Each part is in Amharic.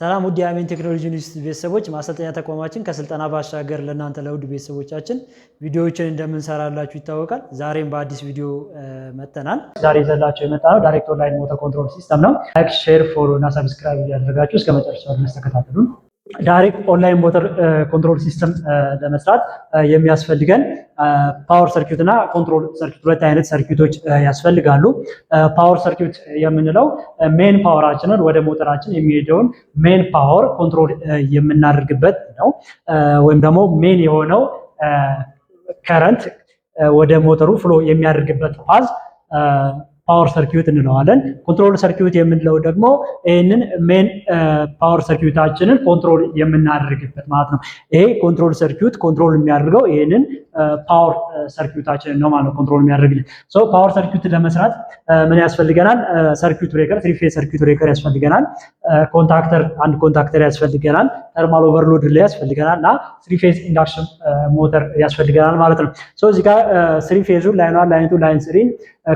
ሰላም ውድ የአሜን ቴክኖሎጂ ዩኒቨርሲቲ ቤተሰቦች፣ ማሰልጠኛ ተቋማችን ከስልጠና ባሻገር ለእናንተ ለውድ ቤተሰቦቻችን ቪዲዮዎችን እንደምንሰራላችሁ ይታወቃል። ዛሬም በአዲስ ቪዲዮ መጥተናል። ዛሬ ይዘንላችሁ የመጣ ነው ዳይሬክት ኦንላይን ሞተር ኮንትሮል ሲስተም ነው። ላይክ፣ ሼር፣ ፎሎ እና ሰብስክራይብ እያደረጋችሁ እስከ መጨረሻ ድረስ ተከታተሉን። ዳይሬክት ኦንላይን ሞተር ኮንትሮል ሲስተም ለመስራት የሚያስፈልገን ፓወር ሰርኪዩት እና ኮንትሮል ሰርኪዩት ሁለት አይነት ሰርኪዩቶች ያስፈልጋሉ። ፓወር ሰርኪዩት የምንለው ሜን ፓወራችንን ወደ ሞተራችን የሚሄደውን ሜን ፓወር ኮንትሮል የምናደርግበት ነው። ወይም ደግሞ ሜን የሆነው ከረንት ወደ ሞተሩ ፍሎ የሚያደርግበት ፋዝ ፓወር ሰርኪዩት እንለዋለን። ኮንትሮል ሰርኪዩት የምንለው ደግሞ ይህንን ሜን ፓወር ሰርኪዩታችንን ኮንትሮል የምናደርግበት ማለት ነው። ይሄ ኮንትሮል ሰርኪዩት ኮንትሮል የሚያደርገው ይህንን ፓወር uh, ሰርኪዩታችንን uh, ነው ማለት ነው። ኮንትሮል የሚያደርግልን ፓወር ሰርኪዩት ለመስራት uh, ምን ያስፈልገናል? ሰርኪዩት ብሬከር፣ ትሪፌ ሰርኪዩት ብሬከር ያስፈልገናል። ኮንታክተር፣ አንድ ኮንታክተር ያስፈልገናል። ተርማል ኦቨርሎድ ላይ ያስፈልገናል እና ስሪ ፌዝ ኢንዳክሽን ሞተር ያስፈልገናል ማለት ነው። እዚህ ጋር ስሪ ፌዙ ላይን ዋን ላይን ቱ ላይን ስሪ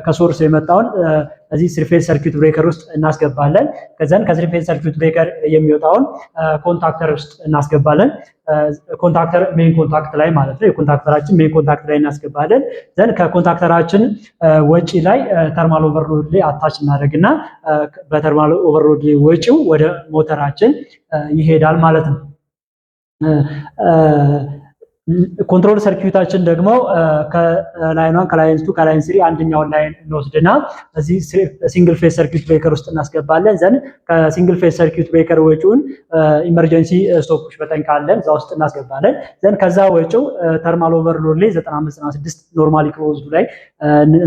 ከሶርስ የመጣውን uh, እዚህ ስርፌስ ሰርኪት ብሬከር ውስጥ እናስገባለን። ከዛን ከስርፌስ ሰርኪት ብሬከር የሚወጣውን ኮንታክተር ውስጥ እናስገባለን። ኮንታክተር ሜን ኮንታክት ላይ ማለት ነው። የኮንታክተራችን ሜን ኮንታክት ላይ እናስገባለን። ዘን ከኮንታክተራችን ወጪ ላይ ተርማል ኦቨርሎድ ላይ አታች እናደርግና በተርማል ኦቨርሎድ ላይ ወጪው ወደ ሞተራችን ይሄዳል ማለት ነው። ኮንትሮል ሰርኪዩታችን ደግሞ ከላይን ዋን ከላይን ቱ ከላይን ስሪ አንደኛውን ላይን እንወስድና እዚህ ሲንግል ፌስ ሰርኪዩት ብሬከር ውስጥ እናስገባለን። ዘን ከሲንግል ፌስ ሰርኪዩት ብሬከር ወጪውን ኢመርጀንሲ ስቶፖች በጠን ካለን እዛ ውስጥ እናስገባለን። ዘን ከዛ ወጪው ተርማል ኦቨርሎድ ላይ 9596 ኖርማሊ ክሎዝ ላይ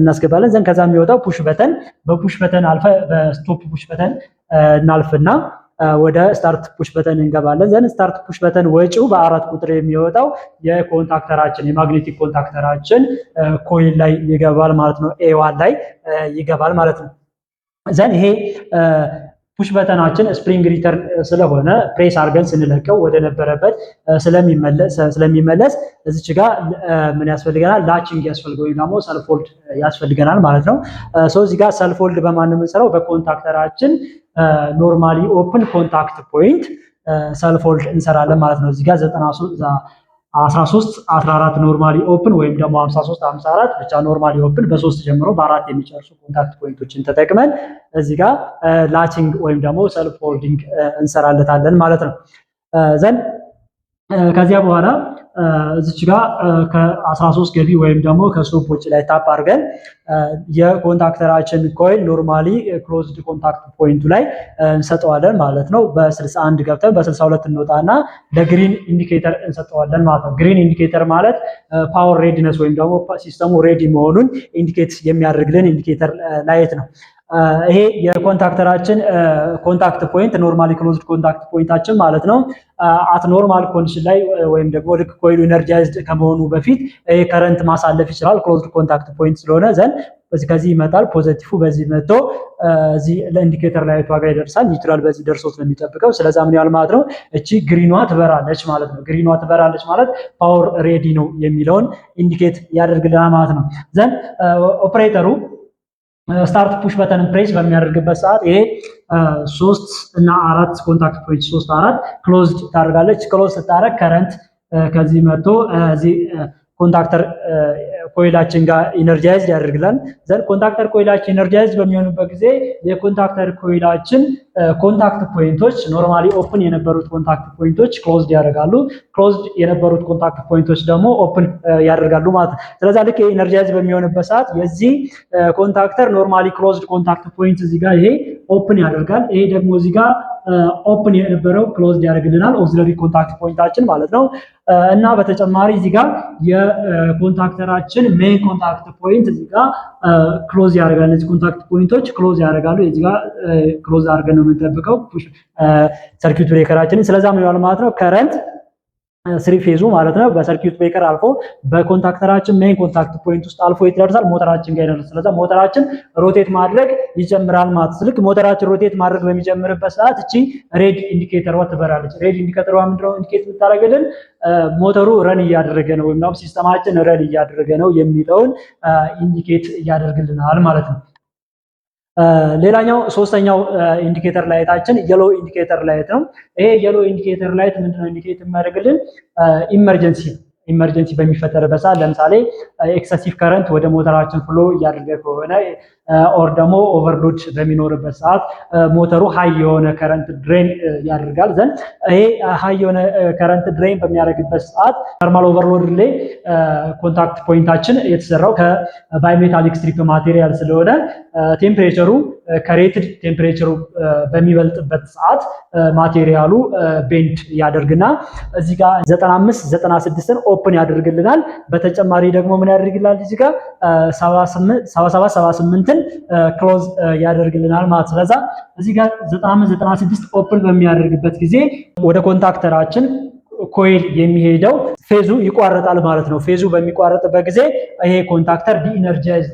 እናስገባለን። ዘን ከዛ የሚወጣው ፑሽ በተን በፑሽ በተን አልፈ በስቶፕ ፑሽ በተን እናልፍና ወደ ስታርት ፑሽ በተን እንገባለን። ዘን ስታርት ፑሽ በተን ወጪው በአራት ቁጥር የሚወጣው የኮንታክተራችን የማግኔቲክ ኮንታክተራችን ኮይል ላይ ይገባል ማለት ነው። ኤዋን ላይ ይገባል ማለት ነው። ዘን ይሄ ፑሽ በተናችን ስፕሪንግ ሪተርን ስለሆነ ፕሬስ አድርገን ስንለቀው ወደ ነበረበት ስለሚመለስ እዚች ጋር ምን ያስፈልገናል? ላችንግ ያስፈልገው ወይም ደግሞ ሰልፎልድ ያስፈልገናል ማለት ነው። ሰው እዚህ ጋር ሰልፎልድ በማን የምንሰራው? በኮንታክተራችን ኖርማሊ ኦፕን ኮንታክት ፖይንት ሰልፎልድ እንሰራለን ማለት ነው። እዚጋ 13 14 ኖርማሊ ኦፕን ወይም ደግሞ 53 54 ብቻ ኖርማሊ ኦፕን በሶስት ጀምሮ በአራት የሚጨርሱ ኮንታክት ፖይንቶችን ተጠቅመን እዚጋ ላቺንግ ወይም ደግሞ ሰልፍ ሆልዲንግ እንሰራለታለን ማለት ነው ዘንድ ከዚያ በኋላ እዚች ጋር ከ13 ገቢ ወይም ደግሞ ከስቶፕ ውጭ ላይ ታፕ አድርገን የኮንታክተራችን ኮይል ኖርማሊ ክሎዝድ ኮንታክት ፖይንቱ ላይ እንሰጠዋለን ማለት ነው። በ61 ገብተን በ62 እንወጣና ለግሪን ኢንዲኬተር እንሰጠዋለን ማለት ነው። ግሪን ኢንዲኬተር ማለት ፓወር ሬዲነስ ወይም ደግሞ ሲስተሙ ሬዲ መሆኑን ኢንዲኬት የሚያደርግልን ኢንዲኬተር ላየት ነው። ይሄ የኮንታክተራችን ኮንታክት ፖይንት ኖርማሊ ክሎዝድ ኮንታክት ፖይንታችን ማለት ነው። አት ኖርማል ኮንዲሽን ላይ ወይም ደግሞ ልክ ኮይሉ ኢነርጃይዝድ ከመሆኑ በፊት ይሄ ከረንት ማሳለፍ ይችላል። ክሎዝድ ኮንታክት ፖይንት ስለሆነ ዘን በዚህ ከዚህ ይመጣል። ፖዘቲፉ በዚህ መጥቶ እዚህ ለኢንዲኬተር ላይ ጋር ይደርሳል። ኒውትራል በዚህ ደርሶት ነው የሚጠብቀው። ስለዛ ምን ያል ማለት ነው እቺ ግሪኗ ትበራለች ማለት ነው። ግሪኗ ትበራለች ማለት ፓወር ሬዲ ነው የሚለውን ኢንዲኬት ያደርግልና ማለት ነው። ዘን ኦፕሬተሩ ስታርት ፑሽ በተን ፕሬስ በሚያደርግበት ሰዓት ይሄ ሶስት እና አራት ኮንታክት ፖይንት ሶስት አራት ክሎዝድ ታደርጋለች። ክሎዝ ስታደርግ ከረንት ከዚህ መጥቶ እዚህ ኮንታክተር ኮይላችን ጋር ኢነርጃይዝድ ያደርግላል። ዘን ኮንታክተር ኮይላችን ኢነርጃይዝድ በሚሆኑበት ጊዜ የኮንታክተር ኮይላችን ኮንታክት ፖይንቶች ኖርማሊ ኦፕን የነበሩት ኮንታክት ፖይንቶች ክሎዝድ ያደርጋሉ። ክሎዝድ የነበሩት ኮንታክት ፖይንቶች ደግሞ ኦፕን ያደርጋሉ ማለት ነው። ስለዚህ ልክ ኢነርጃይዝ በሚሆንበት ሰዓት የዚህ ኮንታክተር ኖርማሊ ክሎዝድ ኮንታክት ፖይንት እዚህ ጋር ይሄ ኦፕን ያደርጋል። ይሄ ደግሞ እዚህ ጋር ኦፕን የነበረው ክሎዝድ ያደርግልናል ኦግዚለሪ ኮንታክት ፖይንታችን ማለት ነው። እና በተጨማሪ እዚህ ጋር የኮንታክተራችን ሜን ኮንታክት ፖይንት እዚህ ጋር ክሎዝ ያደርጋል። እነዚህ ኮንታክት ፖይንቶች ክሎዝ ያደርጋሉ። እዚህ ጋር ክሎዝ አድርገን ነው የምንጠብቀው ሰርኪዩት ብሬከራችንን። ስለዛ ምን ይሆናል ማለት ነው ከረንት ስሪ ፌዙ ማለት ነው። በሰርኪዩት ብሬከር አልፎ በኮንታክተራችን ሜን ኮንታክት ፖይንት ውስጥ አልፎ ይደርሳል፣ ሞተራችን ጋር ይደርሳል። ስለዚህ ሞተራችን ሮቴት ማድረግ ይጀምራል ማለት ስልክ ሞተራችን ሮቴት ማድረግ በሚጀምርበት ሰዓት እቺ ሬድ ኢንዲኬተሯ ትበራለች። ሬድ ኢንዲኬተሯ ምንድነው ኢንዲኬት የምታደርግልን ሞተሩ ረን እያደረገ ነው ወይም ደግሞ ሲስተማችን ረን እያደረገ ነው የሚለውን ኢንዲኬት uh, እያደርግልናል ማለት ነው። ሌላኛው ሶስተኛው ኢንዲኬተር ላይታችን የሎ ኢንዲኬተር ላይት ነው። ይሄ የሎ ኢንዲኬተር ላይት ምንድነው ኢንዲኬት የሚያደርግልን ኢመርጀንሲ ኢመርጀንሲ በሚፈጠርበት ሰዓት ለምሳሌ ኤክሰሲቭ ከረንት ወደ ሞተራችን ፍሎ እያደረገ ከሆነ ኦር ደግሞ ኦቨርሎድ በሚኖርበት ሰዓት ሞተሩ ሀይ የሆነ ከረንት ድሬን ያደርጋል ዘን ይሄ ሀይ የሆነ ከረንት ድሬን በሚያደርግበት ሰዓት ተርማል ኦቨርሎድ ላይ ኮንታክት ፖይንታችን የተሰራው ከባይሜታሊክ ስትሪፕ ማቴሪያል ስለሆነ ቴምፕሬቸሩ ከሬትድ ቴምፕሬቸሩ በሚበልጥበት ሰዓት ማቴሪያሉ ቤንድ ያደርግና እዚህ ጋር 95 96ን ኦፕን ያደርግልናል። በተጨማሪ ደግሞ ምን ያደርግልናል? እዚህ ጋር 77 78ን ክሎዝ ያደርግልናል ማለት ስለዛ እዚህ ጋር 95 96 ኦፕን በሚያደርግበት ጊዜ ወደ ኮንታክተራችን ኮይል የሚሄደው ፌዙ ይቋረጣል ማለት ነው። ፌዙ በሚቋረጥበት ጊዜ ይሄ ኮንታክተር ዲኢነርጃይዝ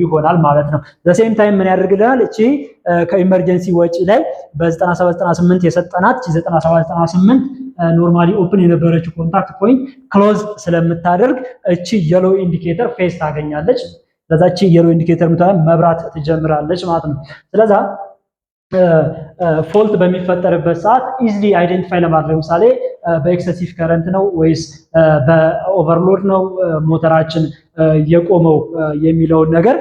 ይሆናል ማለት ነው። ዘሴም ታይም ምን ያደርግልናል? እቺ ከኢመርጀንሲ ወጪ ላይ በ9798 የሰጠናት 9798 ኖርማሊ ኦፕን የነበረችው ኮንታክት ፖይንት ክሎዝ ስለምታደርግ እቺ የሎ ኢንዲኬተር ፌዝ ታገኛለች። ለዛቺ የሎ ኢንዲኬተር መብራት ትጀምራለች ማለት ነው። ስለዛ ፎልት በሚፈጠርበት ሰዓት ኢዝሊ አይደንቲፋይ ለማድረግ ለምሳሌ በኤክሰሲቭ ከረንት ነው ወይስ በኦቨርሎድ ነው ሞተራችን የቆመው የሚለውን ነገር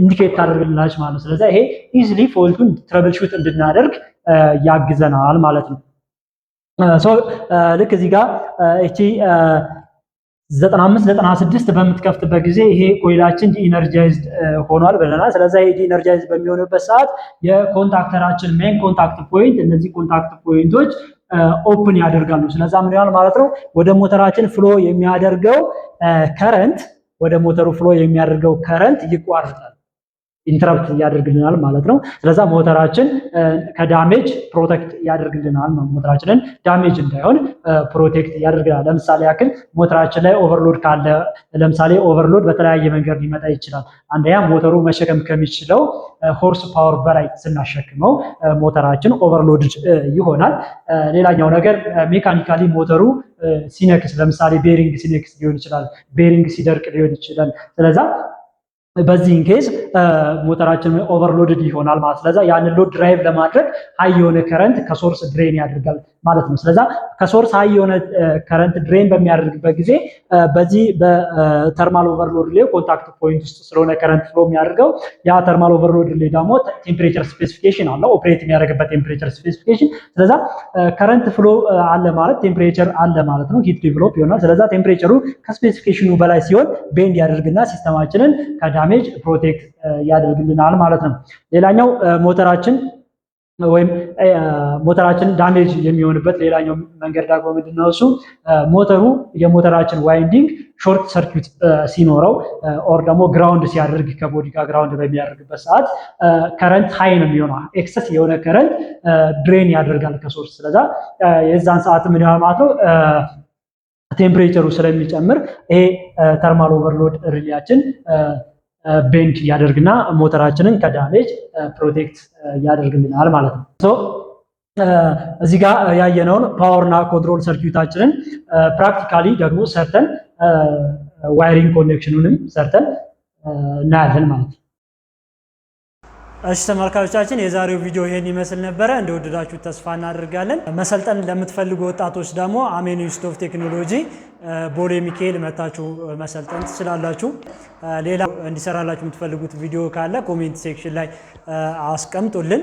ኢንዲኬት ታደርግልናለች ማለት ነው። ስለዚህ ይሄ ኢዝሊ ፎልቱን ትረብል ሹት እንድናደርግ ያግዘናል ማለት ነው። ልክ እዚህ ጋር እቺ 95 96 በምትከፍትበት ጊዜ ይሄ ኮይላችን ዲኢነርጃይዝድ ሆኗል ብለናል። ስለዚህ ይሄ ዲኢነርጃይዝድ በሚሆንበት ሰዓት የኮንታክተራችን ሜን ኮንታክት ፖይንት እነዚህ ኮንታክት ፖይንቶች ኦፕን ያደርጋሉ። ስለዚህ ምን ይሆናል ማለት ነው ወደ ሞተራችን ፍሎ የሚያደርገው ከረንት ወደ ሞተሩ ፍሎ የሚያደርገው ከረንት ይቋርጣል። ኢንተረፕት ያደርግልናል ማለት ነው። ስለዛ ሞተራችን ከዳሜጅ ፕሮቴክት ያደርግልናል። ሞተራችንን ዳሜጅ እንዳይሆን ፕሮቴክት ያደርግልናል። ለምሳሌ ያክል ሞተራችን ላይ ኦቨርሎድ ካለ፣ ለምሳሌ ኦቨርሎድ በተለያየ መንገድ ሊመጣ ይችላል። አንደኛ ሞተሩ መሸከም ከሚችለው ሆርስ ፓወር በላይ ስናሸክመው ሞተራችን ኦቨርሎድ ይሆናል። ሌላኛው ነገር ሜካኒካሊ ሞተሩ ሲነክስ፣ ለምሳሌ ቤሪንግ ሲነክስ ሊሆን ይችላል። ቤሪንግ ሲደርቅ ሊሆን ይችላል። ስለዛ በዚህን ኬዝ ሞተራችን ኦቨርሎድድ ይሆናል ማለት ስለዛ ያንን ሎድ ድራይቭ ለማድረግ ሀይ የሆነ ከረንት ከሶርስ ድሬን ያደርጋል። ማለት ነው። ስለዛ ከሶርስ ሀይ የሆነ ከረንት ድሬን በሚያደርግበት ጊዜ በዚህ በተርማል ኦቨርሎድ ሪሌ ኮንታክት ፖይንት ውስጥ ስለሆነ ከረንት ፍሎ የሚያደርገው ያ ተርማል ኦቨርሎድ ሪሌ ደግሞ ቴምፕሬቸር ስፔሲፊኬሽን አለው፣ ኦፕሬት የሚያደርግበት ቴምፕሬቸር ስፔሲፊኬሽን። ስለዛ ከረንት ፍሎ አለ ማለት ቴምፕሬቸር አለ ማለት ነው። ሂት ዲቨሎፕ ይሆናል። ስለዛ ቴምፕሬቸሩ ከስፔሲፊኬሽኑ በላይ ሲሆን ቤንድ ያደርግና ሲስተማችንን ከዳሜጅ ፕሮቴክት ያደርግልናል ማለት ነው። ሌላኛው ሞተራችን ወይም ሞተራችን ዳሜጅ የሚሆንበት ሌላኛው መንገድ ደግሞ ምንድነው? እሱ ሞተሩ የሞተራችን ዋይንዲንግ ሾርት ሰርኪት ሲኖረው ኦር ደግሞ ግራውንድ ሲያደርግ ከቦዲ ጋር ግራውንድ በሚያደርግበት ሰዓት ከረንት ሀይ ነው የሚሆነ ኤክሰስ የሆነ ከረንት ድሬን ያደርጋል ከሶርስ። ስለዛ የዛን ሰዓት ምን ይሆናል ማለት ነው ቴምፕሬቸሩ ስለሚጨምር ይሄ ተርማል ኦቨርሎድ ሪሊያችን ቤንድ ያደርግና ሞተራችንን ከዳሜጅ ፕሮቴክት ያደርግልናል ማለት ነው። ሶ እዚህ ጋር ያየነውን ፓወር ኮንትሮል ሰርኪዩታችንን ፕራክቲካሊ ደግሞ ሰርተን ዋይሪንግ ኮኔክሽኑንም ሰርተን እናያለን ማለት ነው። እሺ ተመልካቾቻችን የዛሬው ቪዲዮ ይሄን ይመስል ነበረ። እንደወደዳችሁ ተስፋ እናደርጋለን። መሰልጠን ለምትፈልጉ ወጣቶች ደግሞ አሜን ዩኒቨርሲቲ ኦፍ ቴክኖሎጂ ቦሌ ሚካኤል መታችሁ መሰልጠን ትችላላችሁ። ሌላ እንዲሰራላችሁ የምትፈልጉት ቪዲዮ ካለ ኮሜንት ሴክሽን ላይ አስቀምጡልን።